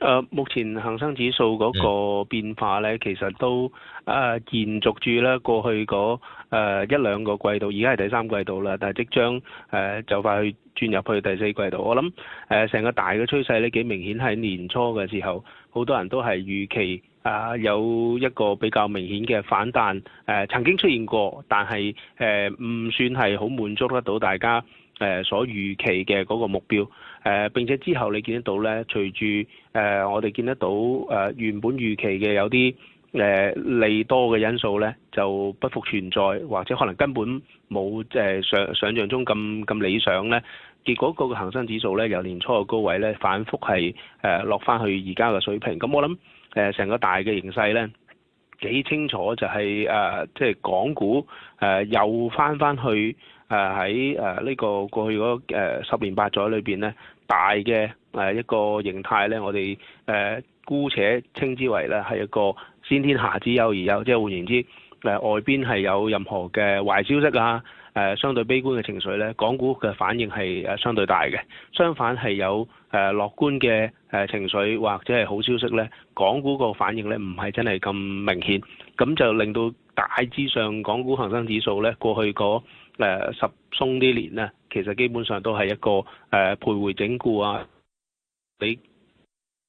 誒、呃、目前恒生指數嗰個變化呢，其實都誒、呃、延續住呢過去嗰、呃、一兩個季度，而家係第三季度啦，但係即將誒、呃、就快去轉入去第四季度。我諗誒成個大嘅趨勢呢，幾明顯，喺年初嘅時候，好多人都係預期啊、呃、有一個比較明顯嘅反彈。誒、呃、曾經出現過，但係誒唔算係好滿足得到大家誒、呃、所預期嘅嗰個目標。誒並且之後你得呢見得到咧，隨住誒我哋見得到誒原本預期嘅有啲誒利多嘅因素咧，就不復存在，或者可能根本冇即係想想象中咁咁理想咧。結果個恒生指數咧，由年初嘅高位咧反覆係誒落翻去而家嘅水平。咁我諗誒成個大嘅形勢咧幾清楚，就係啊，就係誒即係港股誒又翻翻去誒喺誒呢個過去嗰十年八載裏邊咧。大嘅誒一個形態咧，我哋誒姑且稱之為咧係一個先天下之憂而憂，即係換言之，誒外邊係有任何嘅壞消息啊，誒相對悲觀嘅情緒咧，港股嘅反應係誒相對大嘅。相反係有誒樂觀嘅誒情緒或者係好消息咧，港股個反應咧唔係真係咁明顯，咁就令到大致上港股恒生指數咧過去嗰十鬆啲年咧。其實基本上都係一個誒、呃，徘徊整固啊，你。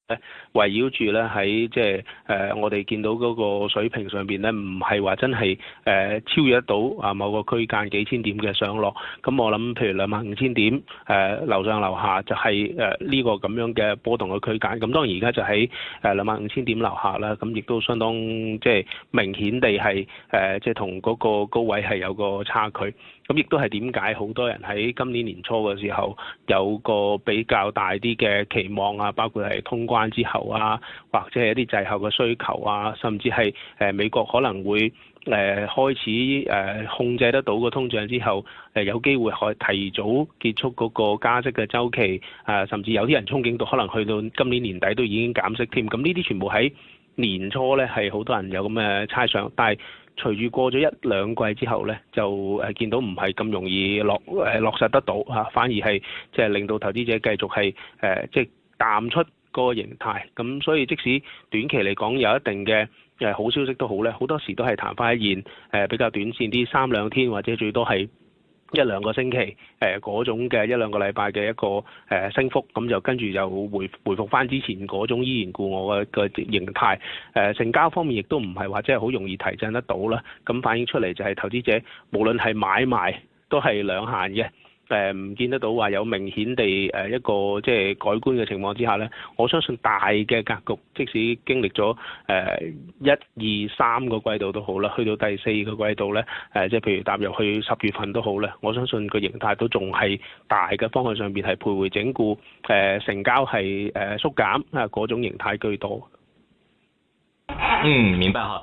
咧圍繞住咧喺即係誒，我哋見到嗰個水平上邊咧，唔係話真係誒超越得到啊某個區間幾千點嘅上落。咁我諗譬如兩萬五千點誒樓、呃、樓上樓下就係誒呢個咁樣嘅波動嘅區間。咁當然而家就喺誒兩萬五千點樓下啦，咁亦都相當即係明顯地係誒即係同嗰個高位係有個差距。咁亦都係點解好多人喺今年年初嘅時候有個比較大啲嘅期望啊，包括係通關。之後啊，或者係一啲滯後嘅需求啊，甚至係誒、呃、美國可能會誒、呃、開始誒、呃、控制得到個通脹之後，誒、呃、有機會可以提早結束嗰個加息嘅周期啊、呃，甚至有啲人憧憬到可能去到今年年底都已經減息添。咁呢啲全部喺年初咧係好多人有咁嘅猜想，但係隨住過咗一兩季之後咧，就誒見到唔係咁容易落誒落實得到嚇、啊，反而係即係令到投資者繼續係誒即係淡出。個形態咁，所以即使短期嚟講有一定嘅誒好消息都好咧，好多時都係彈翻一現誒、呃、比較短線啲三兩天，或者最多係一兩個星期誒嗰、呃、種嘅一兩個禮拜嘅一個誒、呃、升幅，咁就跟住就回回復翻之前嗰種依然故我嘅嘅形態。誒、呃、成交方面亦都唔係話真係好容易提振得到啦，咁反映出嚟就係、是、投資者無論係買賣都係兩限嘅。誒唔、呃、見得到話有明顯地誒一個即係、呃、改觀嘅情況之下咧，我相信大嘅格局即使經歷咗誒一二三個季度都好啦，去到第四個季度咧，誒即係譬如踏入去十月份都好咧，我相信個形態都仲係大嘅方向上邊係徘徊整固，誒、呃、成交係誒、呃、縮減啊嗰種形態居多。嗯，明白嚇。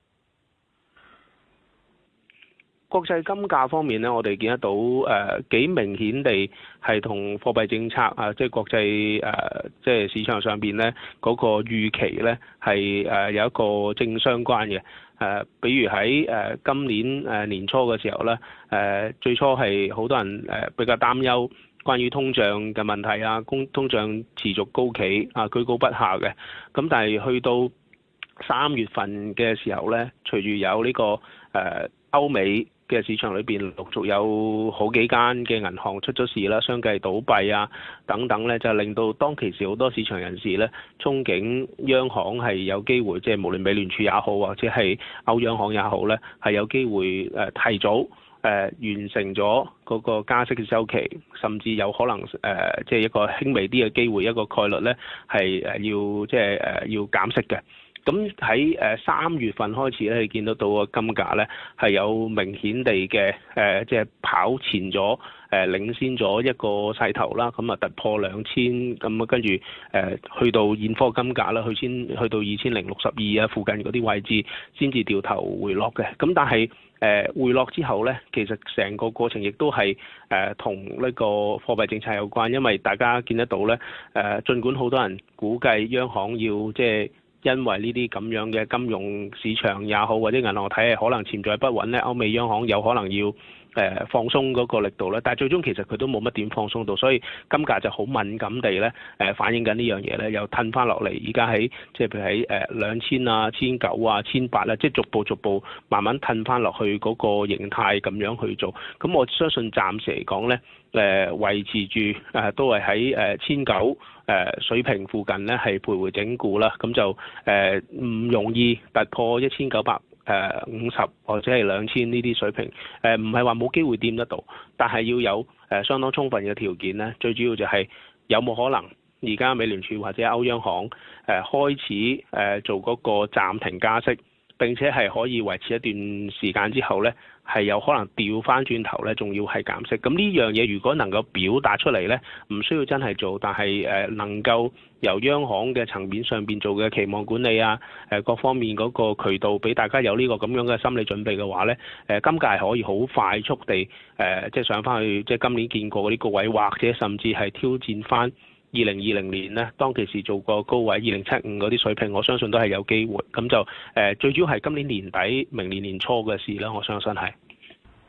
國際金價方面咧，我哋見得到誒、呃、幾明顯地係同貨幣政策啊，即係國際誒、啊、即係市場上邊咧嗰個預期咧係誒有一個正相關嘅誒、啊，比如喺誒、啊、今年誒、啊、年初嘅時候咧誒、啊、最初係好多人誒比較擔憂關於通脹嘅問題啊，通通脹持續高企啊，居高不下嘅，咁、啊、但係去到三月份嘅時候咧，隨住有呢、這個誒、啊、歐美嘅市場裏邊陸續有好幾間嘅銀行出咗事啦，相繼倒閉啊等等咧，就令到當其時好多市場人士咧憧憬央行係有機會，即係無論美聯儲也好，或者係歐央行也好咧，係有機會誒提早誒、呃、完成咗嗰個加息嘅周期，甚至有可能誒、呃、即係一個輕微啲嘅機會，一個概率咧係誒要即係誒、呃、要減息嘅。咁喺誒三月份開始咧，你見得到個金價咧係有明顯地嘅誒、呃，即係跑前咗誒、呃，領先咗一個勢頭啦。咁啊突破兩千咁啊，跟住誒去到現貨金價啦，去先去到二千零六十二啊附近嗰啲位置先至掉頭回落嘅。咁但係誒、呃，回落之後咧，其實成個過程亦都係誒同呢個貨幣政策有關，因為大家見得到咧誒、呃，儘管好多人估計央行要即係。因為呢啲咁樣嘅金融市場也好，或者銀行體系可能潛在不穩咧，歐美央行有可能要誒放鬆嗰個力度咧，但係最終其實佢都冇乜點放鬆到，所以金價就好敏感地咧誒反映緊呢樣嘢咧，又褪翻落嚟，而家喺即係譬如喺誒兩千啊、千九啊、千八咧，即係逐步逐步慢慢褪翻落去嗰個形態咁樣去做，咁我相信暫時嚟講咧。誒、呃、維持住誒、呃、都係喺誒千九誒水平附近咧，係徘徊整固啦。咁就誒唔、呃、容易突破一千九百誒、呃、五十或者係兩千呢啲水平。誒唔係話冇機會掂得到，但係要有誒、呃、相當充分嘅條件咧。最主要就係有冇可能而家美聯儲或者歐央行誒、呃、開始誒、呃、做嗰個暫停加息。並且係可以維持一段時間之後呢，係有可能調翻轉頭呢，仲要係減息。咁呢樣嘢如果能夠表達出嚟呢，唔需要真係做，但係誒能夠由央行嘅層面上邊做嘅期望管理啊，誒各方面嗰個渠道俾大家有呢個咁樣嘅心理準備嘅話呢，誒今屆係可以好快速地誒、呃、即係上翻去，即係今年見過嗰啲高位，或者甚至係挑戰翻。二零二零年呢，當其時做過高位二零七五嗰啲水平，我相信都係有機會。咁就誒、呃，最主要係今年年底、明年年初嘅事啦。我相信係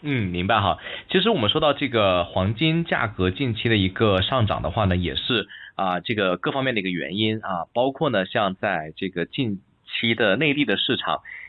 嗯，明白哈。其實我們說到這個黃金價格近期的一個上漲的話呢，也是啊，這個各方面的一個原因啊，包括呢，像在這個近期的內地的市場。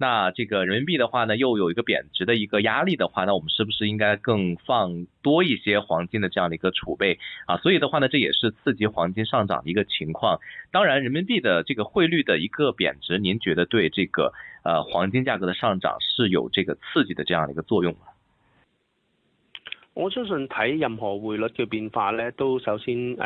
那這個人民幣的話呢，又有一個貶值的一個壓力的話，那我們是不是應該更放多一些黃金的這樣的一個儲備啊？所以的話呢，這也是刺激黃金上漲的一個情況。當然，人民幣的這個匯率的一個貶值，您覺得對這個呃黃金價格的上漲是有這個刺激的這樣的一個作用嗎？我相信睇任何匯率嘅變化呢，都首先誒誒、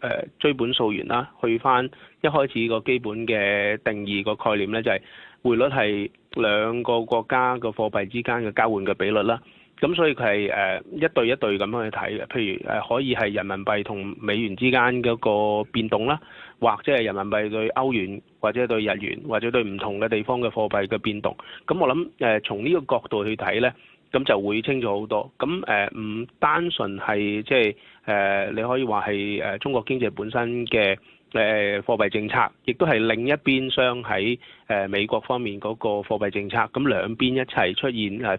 呃呃、追本溯源啦，去返一開始一個基本嘅定義個概念呢，就係、是。匯率係兩個國家嘅貨幣之間嘅交換嘅比率啦，咁所以佢係誒一對一對咁去睇嘅，譬如誒可以係人民幣同美元之間嗰個變動啦，或者係人民幣對歐元或者對日元或者對唔同嘅地方嘅貨幣嘅變動，咁我諗誒從呢個角度去睇呢，咁就會清楚好多，咁誒唔單純係即係。誒、呃，你可以話係誒中國經濟本身嘅誒貨幣政策，亦都係另一邊廂喺誒、呃、美國方面嗰個貨幣政策。咁兩邊一齊出現誒，譬、呃、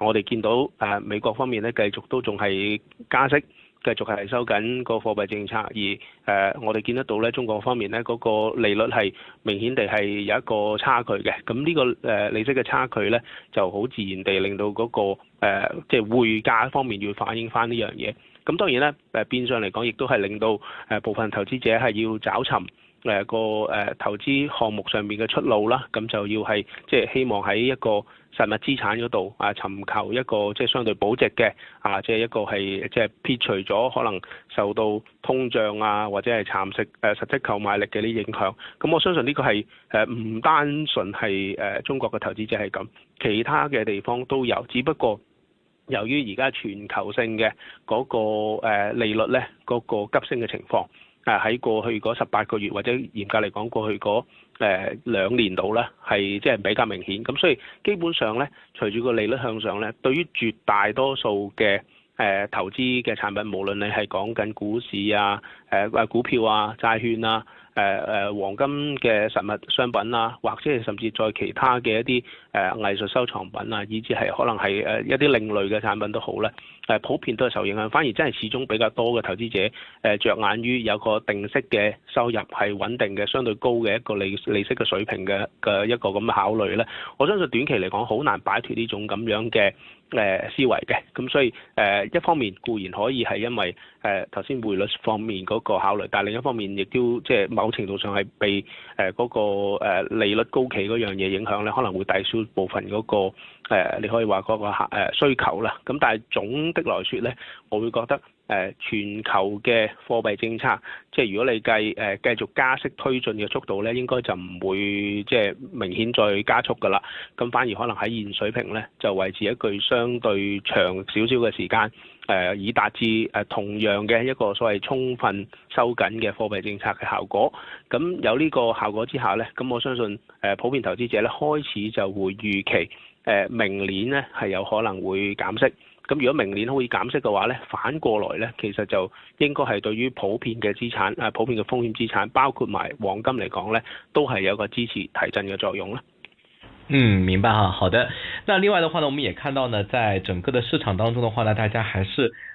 如我哋見到誒、呃、美國方面咧繼續都仲係加息，繼續係收緊個貨幣政策，而誒、呃、我哋見得到咧中國方面咧嗰、那個利率係明顯地係有一個差距嘅。咁呢、這個誒、呃、利息嘅差距咧就好自然地令到嗰、那個、呃、即係匯價方面要反映翻呢樣嘢。咁當然咧，誒變相嚟講，亦都係令到誒部分投資者係要找尋誒個誒投資項目上面嘅出路啦。咁就要係即係希望喺一個實物資產嗰度啊，尋求一個即係、就是、相對保值嘅啊，即係一個係即係撇除咗可能受到通脹啊或者係蠶食誒實質購買力嘅啲影響。咁我相信呢個係誒唔單純係誒中國嘅投資者係咁，其他嘅地方都有，只不過。由於而家全球性嘅嗰個利率咧，嗰個急升嘅情況，啊喺過去嗰十八個月或者嚴格嚟講過去嗰誒兩年度咧，係即係比較明顯。咁所以基本上咧，隨住個利率向上咧，對於絕大多數嘅誒投資嘅產品，無論你係講緊股市啊、誒誒股票啊、債券啊、誒誒黃金嘅實物商品啊，或者甚至再其他嘅一啲誒藝術收藏品啊，以至係可能係誒一啲另類嘅產品都好咧，誒普遍都係受影響，反而真係始終比較多嘅投資者誒著眼於有個定息嘅收入係穩定嘅、相對高嘅一個利利息嘅水平嘅嘅一個咁嘅考慮咧。我相信短期嚟講，好難擺脱呢種咁樣嘅。誒、呃、思維嘅，咁、嗯、所以誒、呃、一方面固然可以係因為誒頭先匯率方面嗰個考慮，但係另一方面亦都即係某程度上係被誒嗰個利率高企嗰樣嘢影響咧，可能會抵消部分嗰、嗰個、呃、你可以話嗰個客誒需求啦。咁、嗯、但係總的來說咧，我會覺得。誒全球嘅貨幣政策，即係如果你繼誒、呃、繼續加息推進嘅速度咧，應該就唔會即係明顯再加速噶啦。咁反而可能喺現水平咧，就維持一段相對長少少嘅時間，誒、呃、以達至誒同樣嘅一個所謂充分收緊嘅貨幣政策嘅效果。咁有呢個效果之下咧，咁我相信誒普遍投資者咧開始就會預期誒、呃、明年咧係有可能會減息。咁如果明年可以減息嘅話咧，反過來咧，其實就應該係對於普遍嘅資產啊，普遍嘅風險資產，包括埋黃金嚟講咧，都係有一個支持提振嘅作用啦。嗯，明白啊，好的。那另外的話呢，我們也看到呢，在整個的市場當中的話呢，大家還是，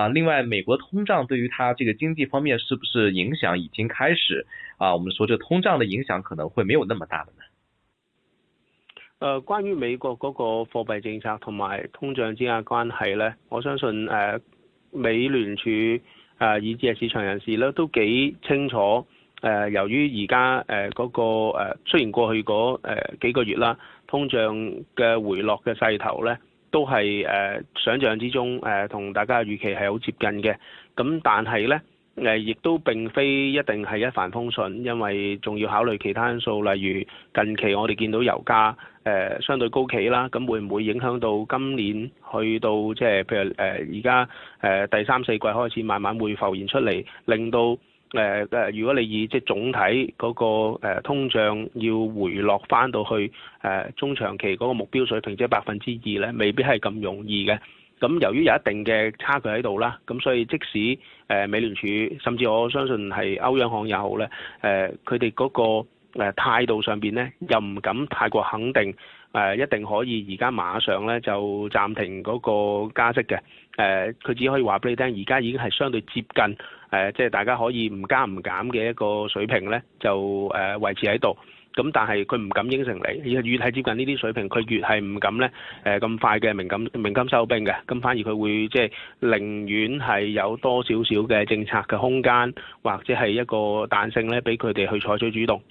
啊，另外美國通脹對於它這個經濟方面是不是影響已經開始？啊，我們說這通脹的影響可能會沒有那麼大嘅呢。誒、呃，關於美國嗰個貨幣政策同埋通脹之間嘅關係咧，我相信誒、呃、美聯儲誒、呃、以至係市場人士咧都幾清楚。誒、呃，由於而家誒嗰個誒雖然過去嗰誒、呃、幾個月啦，通脹嘅回落嘅勢頭咧。都係誒、呃、想象之中，誒、呃、同大家預期係好接近嘅。咁但係呢，誒、呃、亦都並非一定係一帆風順，因為仲要考慮其他因素，例如近期我哋見到油價誒、呃、相對高企啦。咁、啊、會唔會影響到今年去到即係譬如而家誒第三四季開始慢慢會浮現出嚟，令到？誒誒，如果你以即係總體嗰個誒通脹要回落返到去誒中長期嗰個目標水平即係百分之二咧，未必係咁容易嘅。咁由於有一定嘅差距喺度啦，咁所以即使誒美聯儲，甚至我相信係歐央行也好咧，誒佢哋嗰個誒態度上面咧，又唔敢太過肯定。誒一定可以，而家馬上咧就暫停嗰個加息嘅。誒、呃，佢只可以話俾你聽，而家已經係相對接近，誒、呃，即、就、係、是、大家可以唔加唔減嘅一個水平咧，就誒、呃、維持喺度。咁但係佢唔敢應承你，越係接近呢啲水平，佢越係唔敢咧。誒、呃、咁快嘅鳴金鳴金收兵嘅，咁、嗯、反而佢會即係、就是、寧願係有多少少嘅政策嘅空間，或者係一個彈性咧，俾佢哋去採取主動。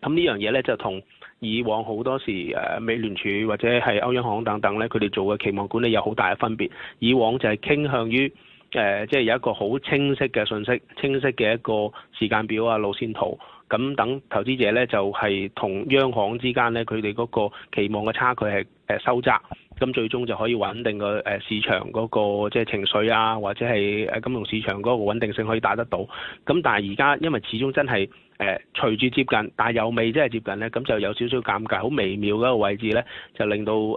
咁、嗯、呢樣嘢咧就同。以往好多時誒，美聯儲或者係歐央行等等咧，佢哋做嘅期望管理有好大嘅分別。以往就係傾向於誒，即、呃、係、就是、有一個好清晰嘅信息、清晰嘅一個時間表啊、路線圖，咁等投資者咧就係、是、同央行之間咧，佢哋嗰個期望嘅差距係誒收窄。咁最終就可以穩定個誒市場嗰個即係情緒啊，或者係誒金融市場嗰個穩定性可以打得到。咁但係而家因為始終真係誒隨住接近，但係又未真係接近咧，咁就有少少尷尬，好微妙嗰個位置咧，就令到誒誒、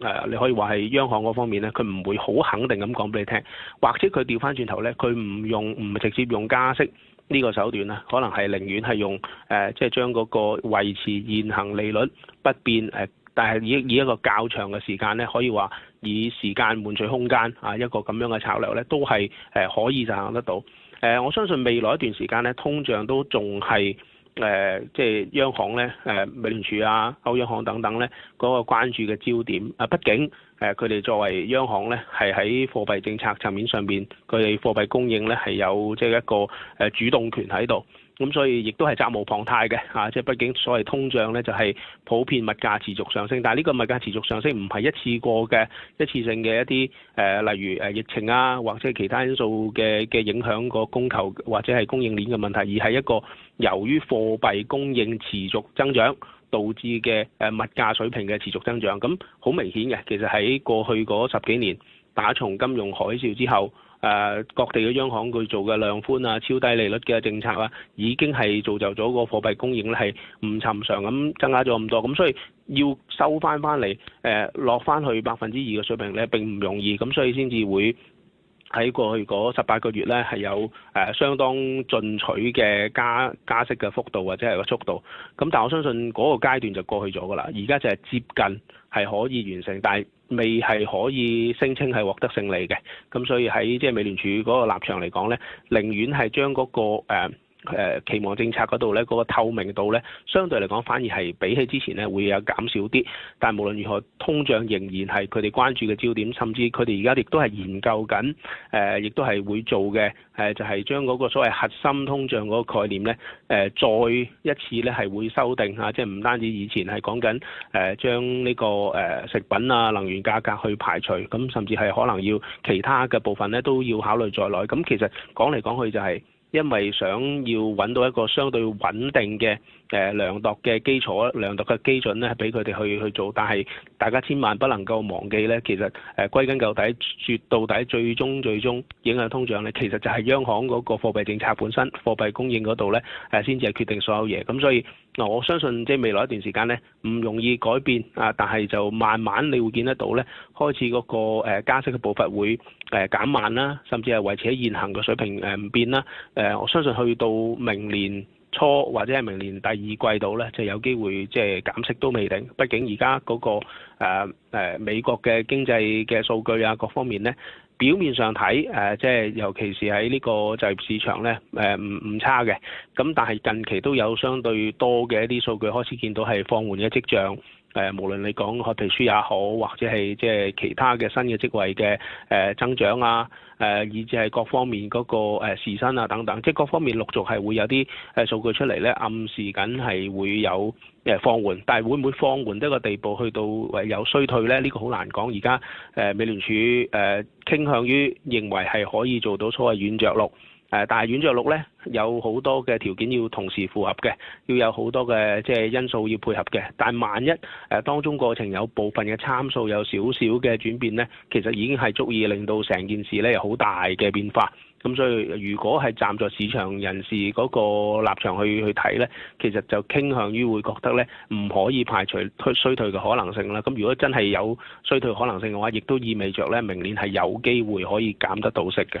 呃、你可以話係央行嗰方面咧，佢唔會好肯定咁講俾你聽，或者佢調返轉頭咧，佢唔用唔直接用加息呢個手段啦，可能係寧願係用誒即係將嗰個維持現行利率不變誒。呃但係以以一個較長嘅時間咧，可以話以時間換取空間啊，一個咁樣嘅策略，咧，都係誒可以實行得到。誒、呃、我相信未來一段時間咧，通脹都仲係誒，即、呃、係、就是、央行咧、誒美聯儲啊、歐央行等等咧嗰、那個關注嘅焦點。誒、啊，畢竟。誒佢哋作為央行咧，係喺貨幣政策層面上邊，佢哋貨幣供應咧係有即係一個誒主動權喺度，咁所以亦都係責無旁貸嘅嚇。即係畢竟所謂通脹咧，就係普遍物價持續上升，但係呢個物價持續上升唔係一次過嘅一次性嘅一啲誒、呃，例如誒疫情啊，或者其他因素嘅嘅影響個供求或者係供應鏈嘅問題，而係一個由於貨幣供應持續增長。導致嘅誒物價水平嘅持續增長，咁好明顯嘅。其實喺過去嗰十幾年，打從金融海嘯之後，誒、呃、各地嘅央行佢做嘅量寬啊、超低利率嘅政策啊，已經係造就咗個貨幣供應咧係唔尋常咁增加咗咁多，咁所以要收翻翻嚟，誒、呃、落翻去百分之二嘅水平咧並唔容易，咁所以先至會。喺過去嗰十八個月咧，係有誒、呃、相當進取嘅加加息嘅幅度或者係個速度。咁但係我相信嗰個階段就過去咗㗎啦。而家就係接近，係可以完成，但係未係可以聲稱係獲得勝利嘅。咁所以喺即係美聯儲嗰個立場嚟講咧，寧願係將嗰、嗰個、呃誒、呃、期望政策嗰度咧，嗰、嗰個透明度咧，相對嚟講反而係比起之前咧會有減少啲。但係無論如何，通脹仍然係佢哋關注嘅焦點，甚至佢哋而家亦都係研究緊誒，亦都係會做嘅，誒、呃，就係將嗰個所謂核心通脹嗰個概念咧，誒、呃、再一次咧係會修訂吓，啊，即係唔單止以前係講緊誒將呢個誒食品啊、能源價格去排除，咁甚至係可能要其他嘅部分咧都要考慮在內。咁其實講嚟講去就係、係。因為想要揾到一個相對穩定嘅誒量度嘅基礎，量度嘅基準咧，係俾佢哋去去做。但係大家千萬不能夠忘記咧，其實誒、呃、歸根究底，説到底最終最終影響通脹咧，其實就係央行嗰個貨幣政策本身、貨幣供應嗰度咧，誒先至係決定所有嘢。咁所以嗱，我相信即係未來一段時間咧，唔容易改變啊，但係就慢慢你會見得到咧，開始嗰個誒加息嘅步伐會。誒、呃、減慢啦，甚至係維持喺現行嘅水平誒唔變啦。誒、呃、我相信去到明年初或者係明年第二季度咧，就有機會即係減息都未定。畢竟而家嗰個誒、呃呃、美國嘅經濟嘅數據啊各方面咧，表面上睇誒即係尤其是喺呢個就業市場咧誒唔唔差嘅。咁但係近期都有相對多嘅一啲數據開始見到係放緩嘅跡象。誒，無論你講學歷書也好，或者係即係其他嘅新嘅職位嘅誒增長啊，誒，以至係各方面嗰個誒時薪啊等等，即係各方面陸續係會有啲誒數據出嚟咧，暗示緊係會有誒放緩，但係會唔會放緩得個地步去到誒有衰退咧？呢個好難講。而家誒美聯儲誒傾向於認為係可以做到所謂軟着陸。但係軟着陸咧，有好多嘅條件要同時符合嘅，要有好多嘅即係因素要配合嘅。但係萬一誒當中過程有部分嘅參數有少少嘅轉變咧，其實已經係足以令到成件事咧有好大嘅變化。咁所以如果係站在市場人士嗰個立場去去睇咧，其實就傾向於會覺得咧唔可以排除退衰退嘅可能性啦。咁如果真係有衰退可能性嘅話，亦都意味着咧明年係有機會可以減得到息嘅。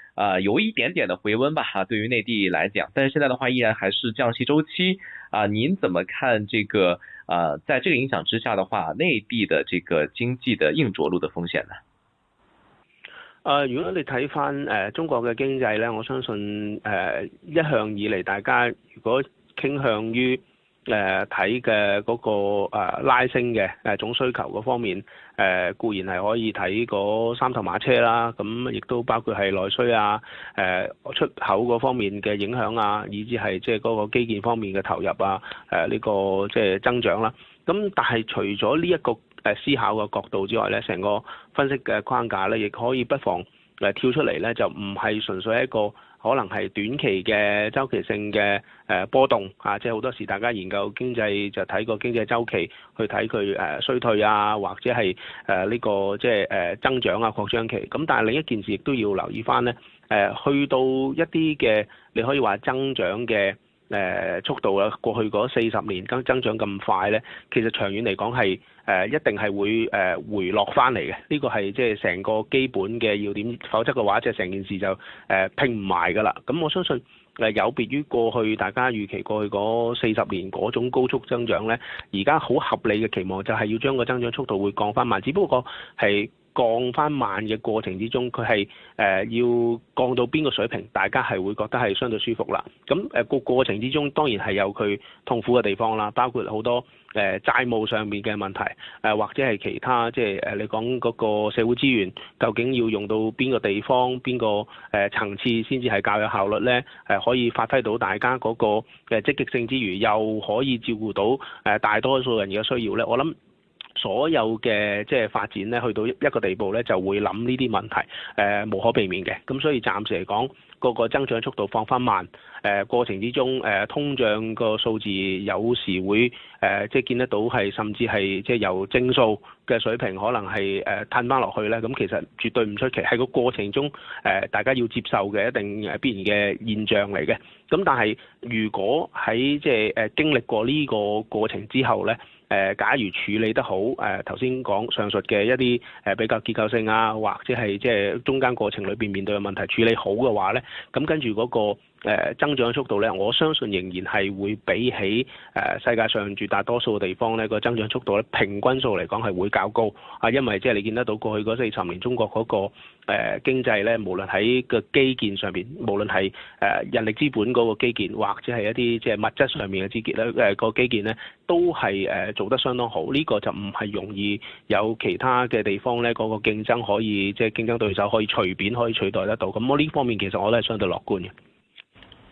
啊、呃，有一點點的回溫吧，哈、啊，對於內地來講，但是現在的話依然還是降息周期，啊，您怎麼看這個？啊、呃，在這個影響之下的話，內地的這個經濟的硬着陸的風險呢？啊、呃，如果你睇返誒，中國嘅經濟呢，我相信誒、呃、一向以嚟大家如果傾向於。誒睇嘅嗰個拉升嘅誒總需求嗰方面，誒、呃、固然係可以睇嗰三頭馬車啦，咁亦都包括係內需啊、誒、呃、出口嗰方面嘅影響啊，以至係即係嗰個基建方面嘅投入啊、誒、呃、呢、這個即係增長啦。咁但係除咗呢一個誒思考嘅角度之外咧，成個分析嘅框架咧，亦可以不妨誒跳出嚟咧，就唔係純粹一個。可能係短期嘅周期性嘅誒、呃、波動啊，即係好多時大家研究經濟就睇個經濟周期，去睇佢誒衰退啊，或者係誒呢個即係誒增長啊擴張期。咁但係另一件事亦都要留意返咧，誒、呃、去到一啲嘅，你可以話增長嘅。誒速度啊，過去嗰四十年增增長咁快咧，其實長遠嚟講係誒一定係會誒回落翻嚟嘅。呢個係即係成個基本嘅要點，否則嘅話，即係成件事就誒拼唔埋㗎啦。咁我相信誒有別於過去大家預期過去嗰四十年嗰種高速增長呢，而家好合理嘅期望就係要將個增長速度會降翻慢，只不過係，降翻慢嘅過程之中，佢係誒要降到邊個水平，大家係會覺得係相對舒服啦。咁誒個過程之中，當然係有佢痛苦嘅地方啦，包括好多誒、呃、債務上面嘅問題，誒、呃、或者係其他即係誒你講嗰個社會資源究竟要用到邊個地方、邊個誒層次先至係較有效率呢？誒、呃、可以發揮到大家嗰個嘅積極性之餘，又可以照顧到誒大多數人嘅需要呢？我諗。所有嘅即係發展咧，去到一個地步咧，就會諗呢啲問題，誒、呃、無可避免嘅。咁所以暫時嚟講，個個增長速度放翻慢，誒、呃、過程之中，誒、呃、通脹個數字有時會誒、呃、即係見得到係，甚至係即係由正數嘅水平可能係誒褪翻落去咧。咁其實絕對唔出奇，係個過程中誒、呃、大家要接受嘅一定誒必然嘅現象嚟嘅。咁但係如果喺即係誒、呃、經歷過呢個過程之後咧？誒、呃，假如處理得好，誒頭先講上述嘅一啲誒比較結構性啊，或者係即係中間過程裏邊面，面對嘅問題處理好嘅話咧，咁跟住嗰、那個。誒、呃、增長速度咧，我相信仍然係會比起誒、呃、世界上絕大多數嘅地方咧個、呃、增長速度咧平均數嚟講係會較高啊，因為即係你見得到過去嗰四十年中國嗰、那個誒、呃、經濟咧，無論喺個基建上邊，無論係誒人力資本嗰個基建，或者係一啲即係物質上面嘅基建咧，誒、呃那個基建咧都係誒、呃、做得相當好。呢、這個就唔係容易有其他嘅地方咧嗰、那個競爭可以即係競爭對手可以隨便可以取代得到。咁我呢方面其實我都係相對樂觀嘅。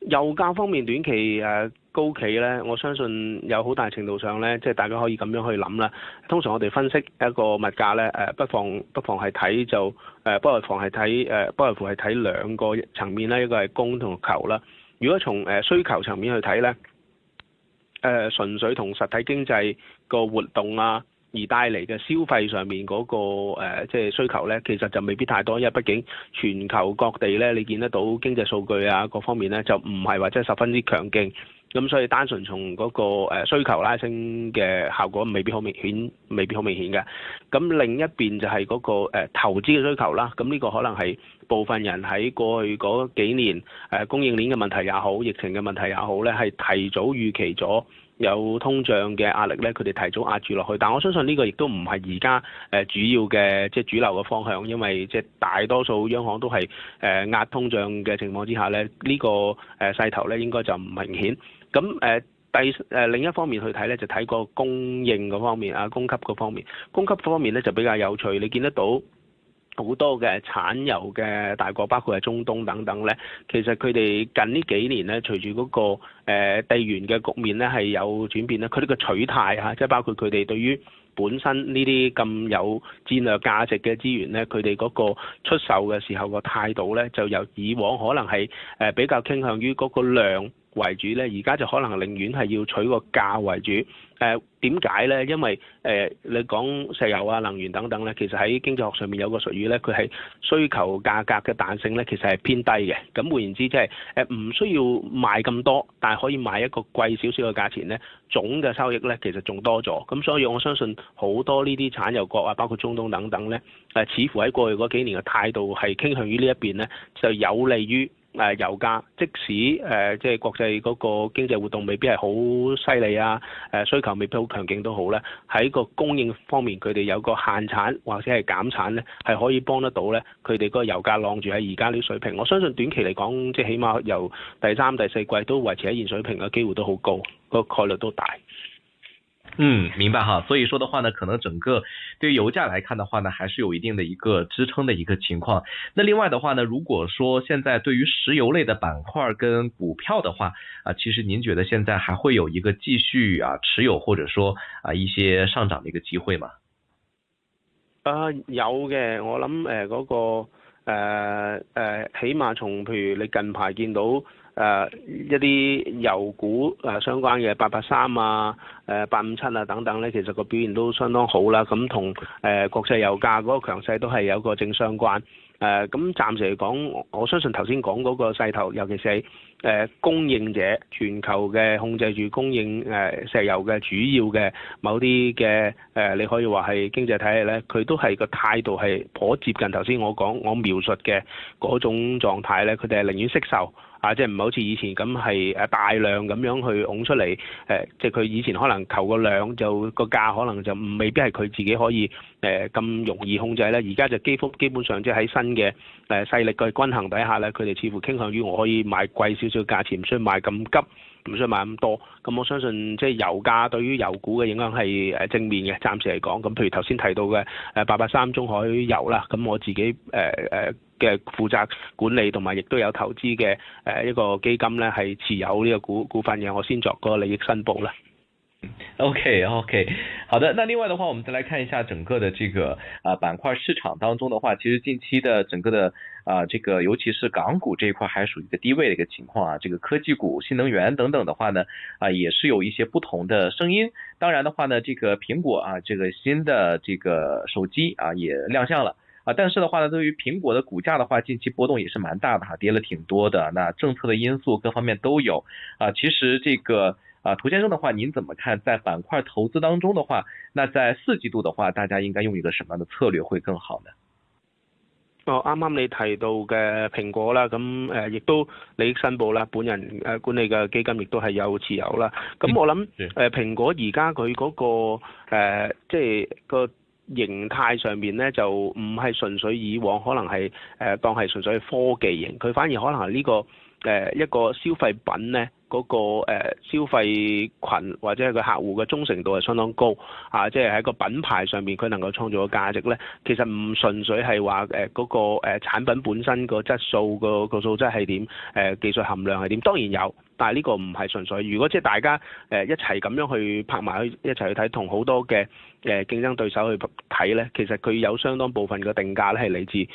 油價方面短期誒、呃、高企咧，我相信有好大程度上咧，即係大家可以咁樣去諗啦。通常我哋分析一個物價咧，誒不妨不妨係睇就誒，不妨係睇誒，不妨係睇、呃呃、兩個層面啦。一個係供同求啦。如果從誒、呃、需求層面去睇咧，誒、呃、純粹同實體經濟個活動啊，而帶嚟嘅消費上面嗰個誒，即係需求呢，其實就未必太多，因為畢竟全球各地呢，你見得到經濟數據啊，各方面呢，就唔係話即係十分之強勁，咁所以單純從嗰個需求拉升嘅效果，未必好明顯，未必好明顯嘅。咁另一邊就係嗰個誒，投資嘅需求啦，咁呢個可能係部分人喺過去嗰幾年誒，供應鏈嘅問題也好，疫情嘅問題也好呢，係提早預期咗。有通脹嘅壓力呢，佢哋提早壓住落去。但我相信呢個亦都唔係而家誒主要嘅即係主流嘅方向，因為即係大多數央行都係誒壓通脹嘅情況之下咧，呢個誒勢頭咧應該就唔明顯。咁誒第誒另一方面去睇呢，就睇個供應嗰方面啊，供給嗰方面，供給方面呢就比較有趣。你見得到。好多嘅產油嘅大國，包括係中東等等咧，其實佢哋近呢幾年咧，隨住嗰個誒地緣嘅局面咧係有轉變咧，佢哋嘅取態嚇，即係包括佢哋對於本身呢啲咁有戰略價值嘅資源咧，佢哋嗰個出售嘅時候個態度咧，就由以往可能係誒比較傾向於嗰個量為主咧，而家就可能寧願係要取個價為主。誒點解咧？因為誒、呃、你講石油啊、能源等等咧，其實喺經濟學上面有個術語咧，佢係需求價格嘅彈性咧，其實係偏低嘅。咁換言之、就是，即係誒唔需要賣咁多，但係可以賣一個貴少少嘅價錢咧，總嘅收益咧其實仲多咗。咁所以我相信好多呢啲產油國啊，包括中東等等咧，誒、呃、似乎喺過去嗰幾年嘅態度係傾向於呢一邊咧，就有利於。誒油價，即使誒、呃、即係國際嗰個經濟活動未必係好犀利啊，誒、呃、需求未必好強勁都好咧，喺個供應方面佢哋有個限產或者係減產咧，係可以幫得到咧。佢哋個油價晾住喺而家呢啲水平，我相信短期嚟講，即係起碼由第三、第四季都維持喺現水平嘅機會都好高，個概率都大。嗯，明白哈，所以說的話呢，可能整個對於油價來看的話呢，還是有一定的一個支撐的一個情況。那另外的話呢，如果說現在對於石油類的板塊跟股票的話，啊，其實您覺得現在還會有一個繼續啊持有，或者說啊一些上漲的一個機會嗎？啊、呃，有嘅，我諗誒嗰個誒誒、呃呃，起碼從譬如你近排見到。誒、呃、一啲油股誒相關嘅八八三啊、誒八五七啊等等咧，其實個表現都相當好啦。咁同誒國際油價嗰個強勢都係有個正相關。誒、呃、咁暫時嚟講，我相信頭先講嗰個勢頭，尤其是係誒、呃、供應者，全球嘅控制住供應誒、呃、石油嘅主要嘅某啲嘅誒，你可以話係經濟體系咧，佢都係個態度係頗接近頭先我講我描述嘅嗰種狀態咧，佢哋係寧願惜售。啊，即係唔好似以前咁係誒大量咁樣去拱出嚟。誒、呃，即係佢以前可能求個量就個價可能就未必係佢自己可以誒咁、呃、容易控制咧。而家就幾乎基本上即係喺新嘅誒、呃、勢力嘅均衡底下咧，佢哋似乎傾向於我可以買貴少少價錢，唔需要買咁急。唔需要買咁多，咁我相信即係油價對於油股嘅影響係誒正面嘅，暫時嚟講。咁譬如頭先提到嘅誒八八三中海油啦，咁我自己誒誒嘅負責管理同埋亦都有投資嘅誒一個基金咧，係持有呢個股股份嘅，我先作個利益申報啦。OK OK，好的，那另外的話，我們再來看一下整個的這個啊板塊市場當中的話，其實近期的整個的啊這個，尤其是港股這一塊，還屬於一個低位的一個情況啊。這個科技股、新能源等等的話呢，啊也是有一些不同的聲音。當然的話呢，這個蘋果啊，這個新的這個手機啊也亮相了啊，但是的話呢，對於蘋果的股價的話，近期波動也是蠻大的哈，啊，跌了挺多的。那政策的因素各方面都有啊，其實這個。啊，涂先生嘅話，您怎麼看？在板塊投資當中嘅話，那在四季度嘅話，大家應該用一個什麼樣的策略會更好呢？哦，啱啱你提到嘅蘋果啦，咁誒亦都利益申報啦，本人誒管理嘅基金亦都係有持有啦。咁我諗誒蘋果而家佢嗰個、呃、即係、這個形態上面呢，就唔係純粹以往可能係誒、呃、當係純粹科技型，佢反而可能係、這、呢個誒、呃、一個消費品呢。嗰、個、呃、消費群或者係個客戶嘅忠誠度係相當高，啊，即係喺個品牌上面，佢能夠創造嘅價值咧，其實唔純粹係話誒嗰個誒、呃、產品本身個質素個、個素質係點，誒、呃、技術含量係點，當然有。但係呢個唔係純粹，如果即係大家誒一齊咁樣去拍埋去一齊去睇，同好多嘅誒競爭對手去睇呢，其實佢有相當部分嘅定價呢係嚟自誒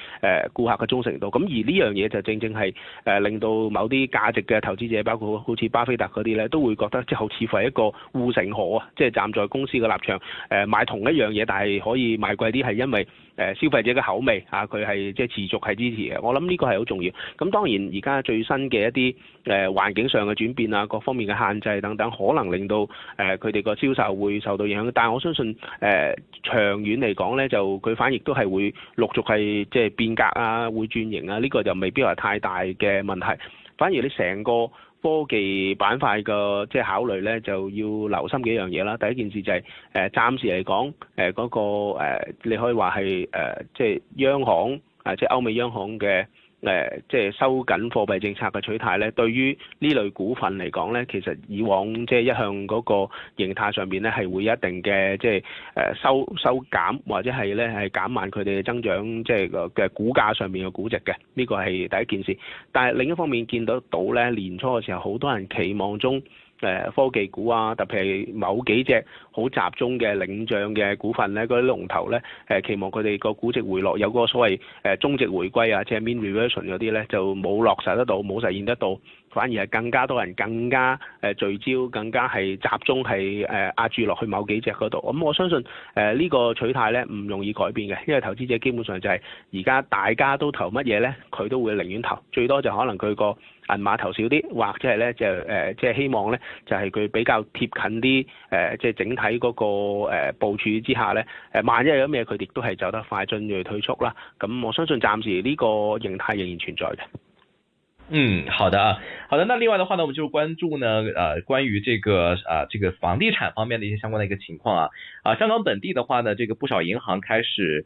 顧客嘅忠誠度。咁而呢樣嘢就正正係誒令到某啲價值嘅投資者，包括好似巴菲特嗰啲呢，都會覺得即係好似乎係一個護城河啊！即係站在公司嘅立場誒買同一樣嘢，但係可以賣貴啲，係因為。誒消費者嘅口味啊，佢係即係持續係支持嘅，我諗呢個係好重要。咁當然而家最新嘅一啲誒環境上嘅轉變啊，各方面嘅限制等等，可能令到誒佢哋個銷售會受到影響。但係我相信誒、呃、長遠嚟講咧，就佢反而都係會陸續係即係變革啊，會轉型啊，呢、這個就未必係太大嘅問題。反而你成個科技板塊嘅即係考慮咧，就要留心幾樣嘢啦。第一件事就係誒，暫時嚟講誒嗰個誒，你可以話係誒，即係央行啊，即係歐美央行嘅。誒、呃，即係收緊貨幣政策嘅取態咧，對於呢類股份嚟講咧，其實以往即係一向嗰個形態上邊咧，係會一定嘅即係誒收收減或者係咧係減慢佢哋嘅增長，即係個嘅股價上面嘅估值嘅，呢、這個係第一件事。但係另一方面見到到咧，年初嘅時候好多人期望中。誒科技股啊，特別係某幾隻好集中嘅領漲嘅股份咧，嗰啲龍頭咧，誒、呃、期望佢哋個估值回落有個所謂誒中值回歸啊，即係 mean reversion 嗰啲咧，就冇落實得到，冇實現得到，反而係更加多人更加誒聚焦，更加係集中係誒壓住落去某幾隻嗰度。咁、嗯、我相信誒呢、呃這個取態咧唔容易改變嘅，因為投資者基本上就係而家大家都投乜嘢咧，佢都會寧願投，最多就可能佢個。銀碼頭少啲，或者係咧就誒、呃，即係希望咧就係、是、佢比較貼近啲誒，即、呃、係整體嗰、那個、呃、部署之下咧誒，萬一有咩佢哋都係走得快進去退出啦。咁我相信暫時呢個形態仍然存在嘅。嗯，好的啊，好的。那另外的話呢，我們就關注呢，呃，關於這個啊、呃，這個房地產方面的一些相關的一個情況啊。啊，香港本地的話呢，這個不少銀行開始。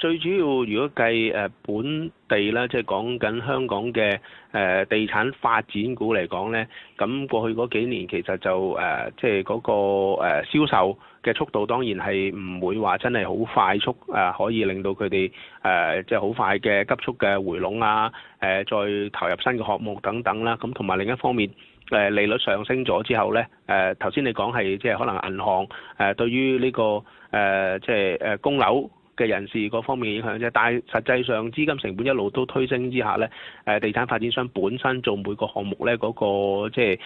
最主要如果計誒本地啦，即係講緊香港嘅誒地產發展股嚟講咧，咁過去嗰幾年其實就誒即係嗰個誒銷售嘅速度，當然係唔會話真係好快速啊，可以令到佢哋誒即係好快嘅急速嘅回籠啊，誒再投入新嘅項目等等啦。咁同埋另一方面，誒利率上升咗之後咧，誒頭先你講係即係可能銀行誒對於呢個誒即係誒供樓。嘅人士各方面影響啫，但係實際上資金成本一路都推升之下咧，誒地產發展商本身做每個項目咧嗰個即係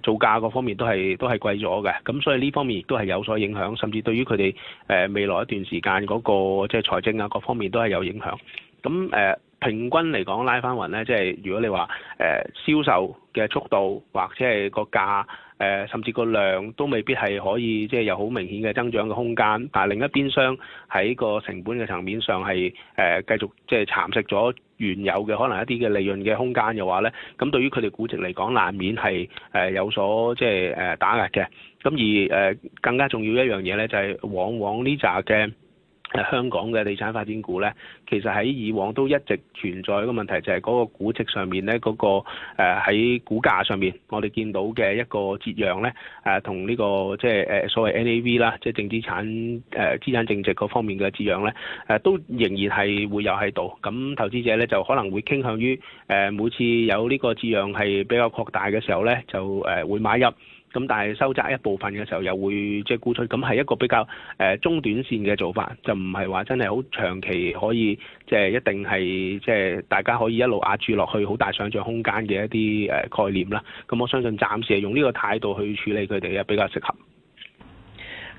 誒造價各方面都係都係貴咗嘅，咁所以呢方面亦都係有所影響，甚至對於佢哋誒未來一段時間嗰個即係財政啊各方面都係有影響，咁誒平均嚟講拉翻勻咧，即係如果你話誒銷售嘅速度或者係個價。誒甚至個量都未必係可以即係、就是、有好明顯嘅增長嘅空間，但係另一邊商喺個成本嘅層面上係誒、呃、繼續即係蠶食咗原有嘅可能一啲嘅利潤嘅空間嘅話咧，咁對於佢哋估值嚟講難免係誒有所即係誒打壓嘅。咁而誒更加重要一樣嘢咧，就係往往呢扎嘅。誒香港嘅地產發展股咧，其實喺以往都一直存在一個問題，就係嗰個估值上面咧，嗰、那個喺、呃、股價上面，我哋見到嘅一個折讓咧，誒、呃、同呢、這個即係誒所謂 NAV 啦，即係淨資產誒資、呃、產淨值嗰方面嘅折讓咧，誒、呃、都仍然係會有喺度。咁投資者咧就可能會傾向於誒、呃、每次有呢個折讓係比較擴大嘅時候咧，就誒會買入。咁但係收窄一部分嘅時候，又會即係沽出，咁係一個比較誒、呃、中短線嘅做法，就唔係話真係好長期可以即係、就是、一定係即係大家可以一路壓住落去好大想像空間嘅一啲誒、呃、概念啦。咁、嗯、我相信暫時係用呢個態度去處理佢哋啊，比較適合。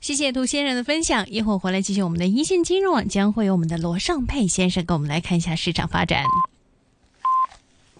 謝謝涂先生的分享，一會兒回來繼續我們的一線金融網，將會有我們的羅尚佩先生跟我們來看一下市場發展。